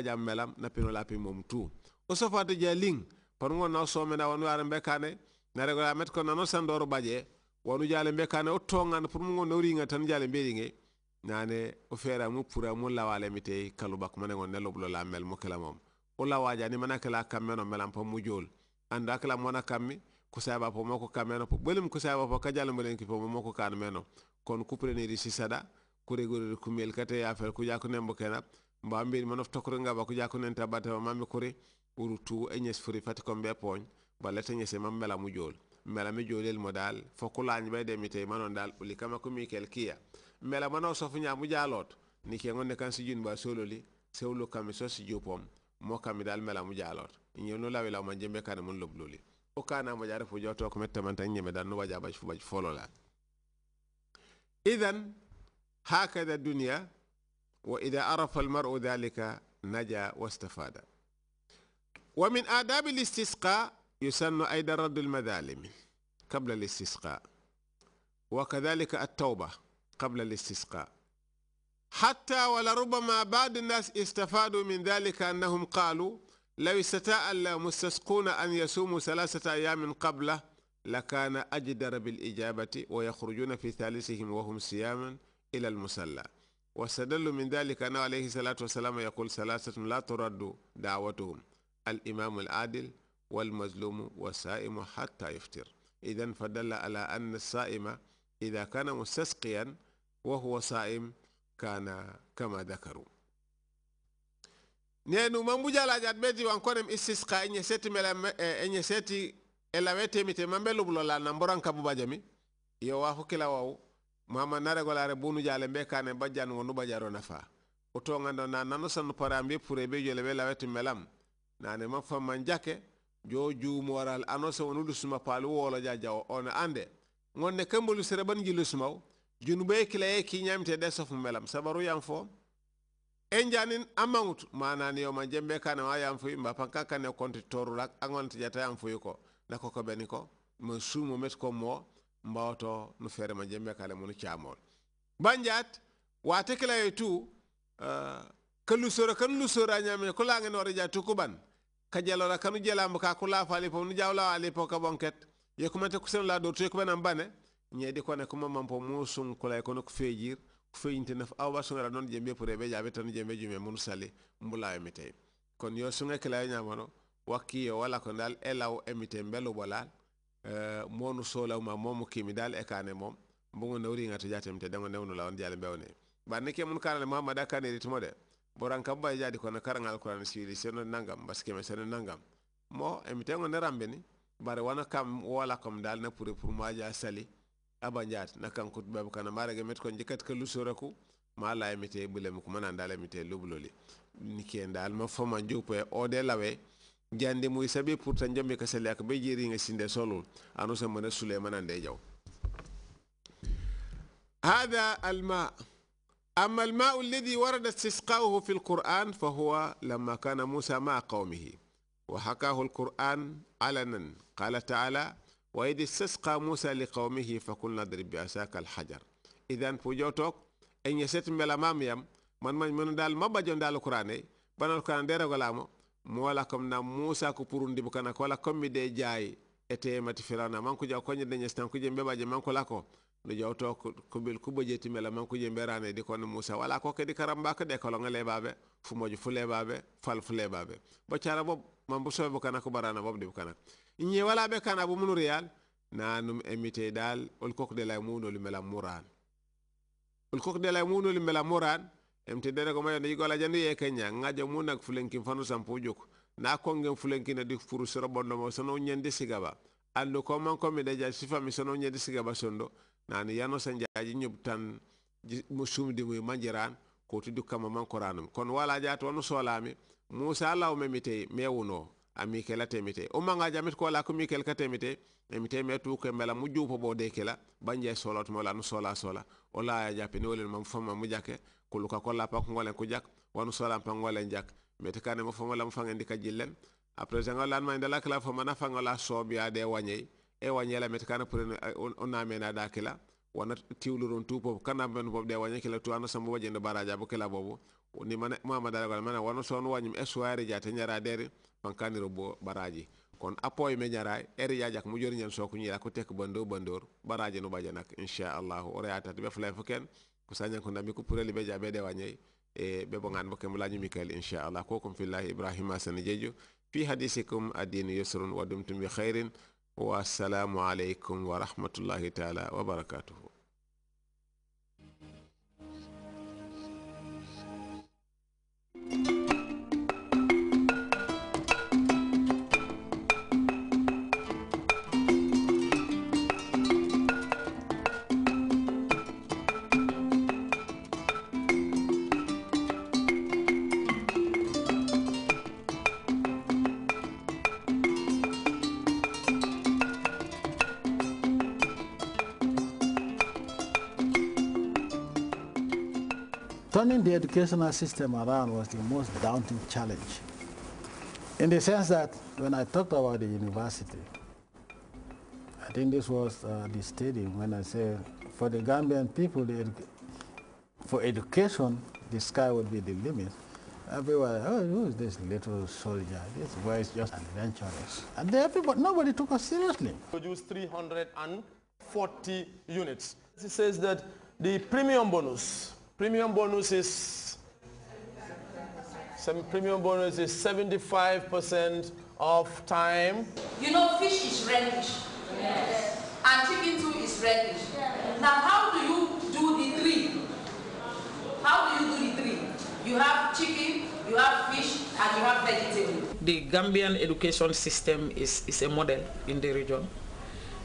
jam melam na pinolapi mom tu o sofata ja ling pon gon naw somena wonu arambe kane na regola met ko nano sandoro baje wonu jale kane o tongan pour mu gon ringa tan jale beɗinge nane o fera mu pura mu la wale mite kalubak mane gon neloblo la mel mo kala mom o waja ni mana kala kammeno melam pon mu jol anda kala mona kammi saaba po moko kameno po ɓolum kusaba po len ki po moko kan meno kon kono kupreniri sisada kuregoriri kumel kate ya yafel kujakko nembo kenap mbambeɗi monof tokore ngaba ko jakonen tabatama mambe kore ɓuuru tu e ñes fori fati kon ɓe pooñ balla to mam mbela mu jol mela mi jolel mo dal fokkulañi ɓeyde mi tawi manon dal uli kama ko mikel kiya mela mano sofu nya mu jalot ni ke gonne kan si jun junba sololi sewlo kam so si jopom mo kam dal mela mu jalot jaaloto ñewno lawilaw ma jembe kan mun lobloli o kana mo jare fu joto ko metta man tan ñeme dal no waja ba fu baj fololal idan hakada dunya واذا عرف المرء ذلك نجا واستفاد ومن آداب الاستسقاء يسن أيضا رد المذالم قبل الاستسقاء وكذلك التوبة قبل الاستسقاء حتى ولربما بعض الناس استفادوا من ذلك أنهم قالوا لو استطاع المستسقون أن يصوموا ثلاثة أيام قبله لكان أجدر بالإجابة ويخرجون في ثالثهم وهم صياما إلى المسلّى واستدلوا من ذلك أنه عليه الصلاة والسلام يقول ثلاثة لا ترد دعوتهم الإمام العادل والمظلوم والسائم حتى يفطر إذا فدل على أن السائم إذا كان مستسقيا وهو سائم كان كما ذكروا nenu mambuja la jat beti wan konem istisqa enye seti mela enye seti elawete mite mambelu bulola namboran kabu bajami yo wa hukila wawu mama naregolare bunu jale be kane bajjan wonu bajaro nafa to ngando na nanu san parambe pure be jole be lawetu melam nane ma man jake jo juumo waral anose wonu suma palu wolo jajaw on ande ngonne kambulu sere ban gilu sumaw junube kilaye ki nyamte de sofu melam sabaru yang fo enjanin amangut manani yo jembe kana wa yang fo imba pankaka ne konti torulak angon tijata yang yuko na koko beniko mo sumo mes ko mo mbawoto no feere ma jemme kala mo no caamol banjat wate tu uh, eh, kallu sora kan lu sora ñame ko laangen wara ja tukuban ka jalora kanu jelamba ka ko laafa ali pom no ka bonket ye kumante kusen la do to kubanan bane ñeedi kone kuma mampo mu sun kulay kono ko feejir ko feeñinte naf awa sungara noon jembe pour ɓe jaaɓe tan jembe jume mun sali mbulayo mi tey kono yo sunge kilayo ñamono wakki yo wala ko ndal elaw emite mbelu bolal Eh, monu solawma momo kimi dal e moom mom mbogo nawriŋa to jatemte ne newno la on jale ne bari ni ke mun kanale mahamad a kaneri timo de boran kabba e jadi kono karaŋal kuran siili seno nangam basikeme seno nangam mo emiteŋo eh, ne ni bari wona kam wola kam dal na puri pour maja sali abanjat na kankut babu kana mara met kon jikat ka lusora ku ma la emite bulem ku manan dal emite lubuloli ni ke dal ma foma o de lawe jande muy sabe pour tan jambe ka sele ak be jeri nga sinde solo anu sa mana suleiman ande jaw هذا الماء أما الماء الذي ورد استسقاؤه في القرآن فهو لما كان موسى مع قومه وحكاه القرآن علنا قال تعالى وإذ استسقى موسى لقومه فقلنا اضرب بعصاك الحجر إذا فوجوتوك إن يستم بلا مام يم من من من دال ما بجون دال القرآن بنا القرآن دير غلامه mola kom na musa ko purundi bukana la kommi de jayi e temati firana manko jaw koñe de ñes tan kuje mbeɓaje manko lako no jaw to ko bil jeti mela manko je mberane di kono musa wala ko di karamba ko de kolo ngale babe fumoju babe fal fule babe bo cara bob mambo so bukana ko barana bob de bukana ñe wala be kana bu munu real nanum emite dal ol kok de la muno limela muran ol kok de la muno limela muran emtidene ko ni gola jandi e kenya ngajo mu nak fulenki fanu sampu juk na fulenki na di furu sero bondo mo sono nyande sigaba andu ko man ko mi deja sifa mi sono nyande sigaba sondo nani yano sanjaji nyub tan musum di mu manjiran ko tuddu kama man qur'anum kon wala jato wono solaami musa law memite mewuno ami kela temite o manga jamit ko la ko mi kel katemite temite mi teme tu ke mala mu jupo bo de kela banje solot mo la no sola sola o la ya jape ni wolen mam fama mu jakke kulu ka ko la pa ko ngolen ko jak wonu sola pa ngolen jak mete kane mo fama la mu fangen di ka jillen après jangal lan ma ndala kala fama na fanga la so biya de wanye e wanye la mete kanu pour on amena da kela wana tiwluron tu pop kana ben bob de wanye kela tu ana sambo wajende baraja bo kela bobo ni mana mama gal mana wono son wanyum e soare jate nyara dere man kaniro baraji kon apoy me nyara eri jajak ya mu jori nyen soku nyira ko tek bando bandor baraji no baje nak insha Allah o reata be fulay fuken ko sanya ko ndami ko pureli be jabe de wanyay e be bo ngan bokem lañu mikael insha Allah ko kum fillahi asan jeju fi hadisikum adin yusrun wa dumtum bi khairin wa assalamu alaikum wa rahmatullahi ta'ala wa barakatuh Turning the educational system around was the most daunting challenge in the sense that when I talked about the university, I think this was uh, the stadium when I said for the Gambian people, edu for education, the sky would be the limit. Everyone, oh, who is this little soldier? This boy is just adventurous. And they, everybody, nobody took us seriously. Produced 340 units. It says that the premium bonus Premium bonus is some premium bonus is 75% of time. You know, fish is reddish. Yes. And chicken too is reddish. Yes. Now, how do you do the three? How do you do the three? You have chicken, you have fish, and you have vegetable. The Gambian education system is, is a model in the region.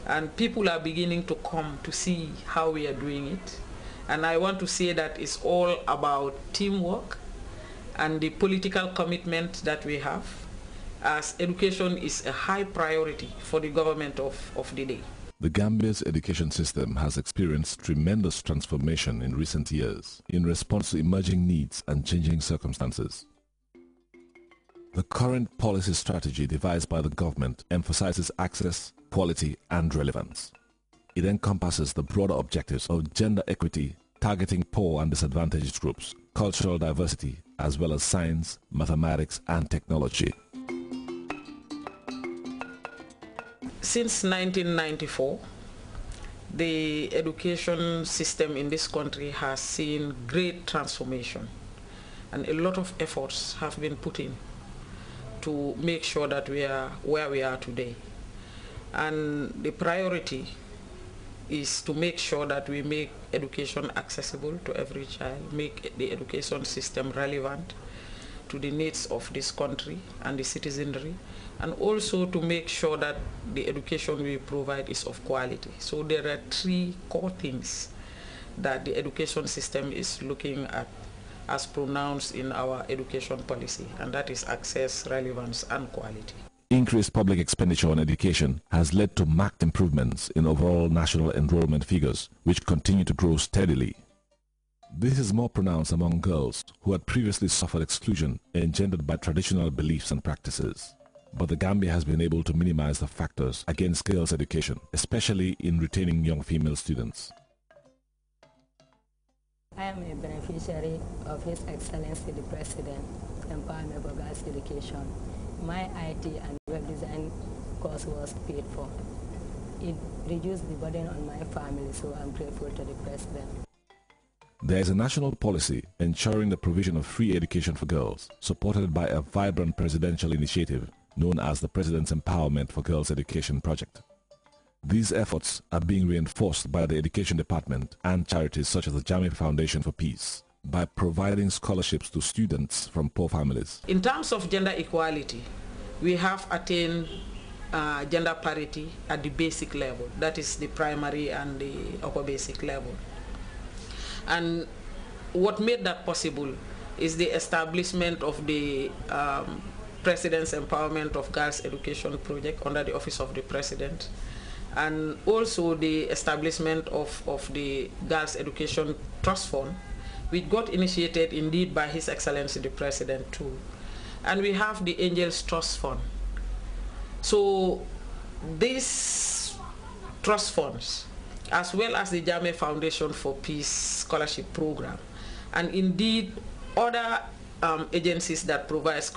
And people are beginning to come to see how we are doing it. And I want to say that it's all about teamwork and the political commitment that we have as education is a high priority for the government of, of the day. The Gambia's education system has experienced tremendous transformation in recent years in response to emerging needs and changing circumstances. The current policy strategy devised by the government emphasizes access, quality and relevance. It encompasses the broader objectives of gender equity, targeting poor and disadvantaged groups, cultural diversity, as well as science, mathematics, and technology. Since 1994, the education system in this country has seen great transformation and a lot of efforts have been put in to make sure that we are where we are today. And the priority is to make sure that we make education accessible to every child, make the education system relevant to the needs of this country and the citizenry, and also to make sure that the education we provide is of quality. So there are three core things that the education system is looking at as pronounced in our education policy, and that is access, relevance, and quality. Increased public expenditure on education has led to marked improvements in overall national enrollment figures, which continue to grow steadily. This is more pronounced among girls who had previously suffered exclusion engendered by traditional beliefs and practices. But the Gambia has been able to minimize the factors against girls' education, especially in retaining young female students. I am a beneficiary of His Excellency the President, Empowerment for Girls Education my IT and web design course was paid for. It reduced the burden on my family, so I'm grateful to the president. There is a national policy ensuring the provision of free education for girls, supported by a vibrant presidential initiative known as the President's Empowerment for Girls Education Project. These efforts are being reinforced by the Education Department and charities such as the Jami Foundation for Peace by providing scholarships to students from poor families. In terms of gender equality, we have attained uh, gender parity at the basic level. That is the primary and the upper basic level. And what made that possible is the establishment of the um, President's Empowerment of Girls Education Project under the Office of the President and also the establishment of, of the Girls Education Trust Fund we got initiated indeed by His Excellency the President too. And we have the Angels Trust Fund. So these trust funds, as well as the Jame Foundation for Peace Scholarship Program, and indeed other um, agencies that provide.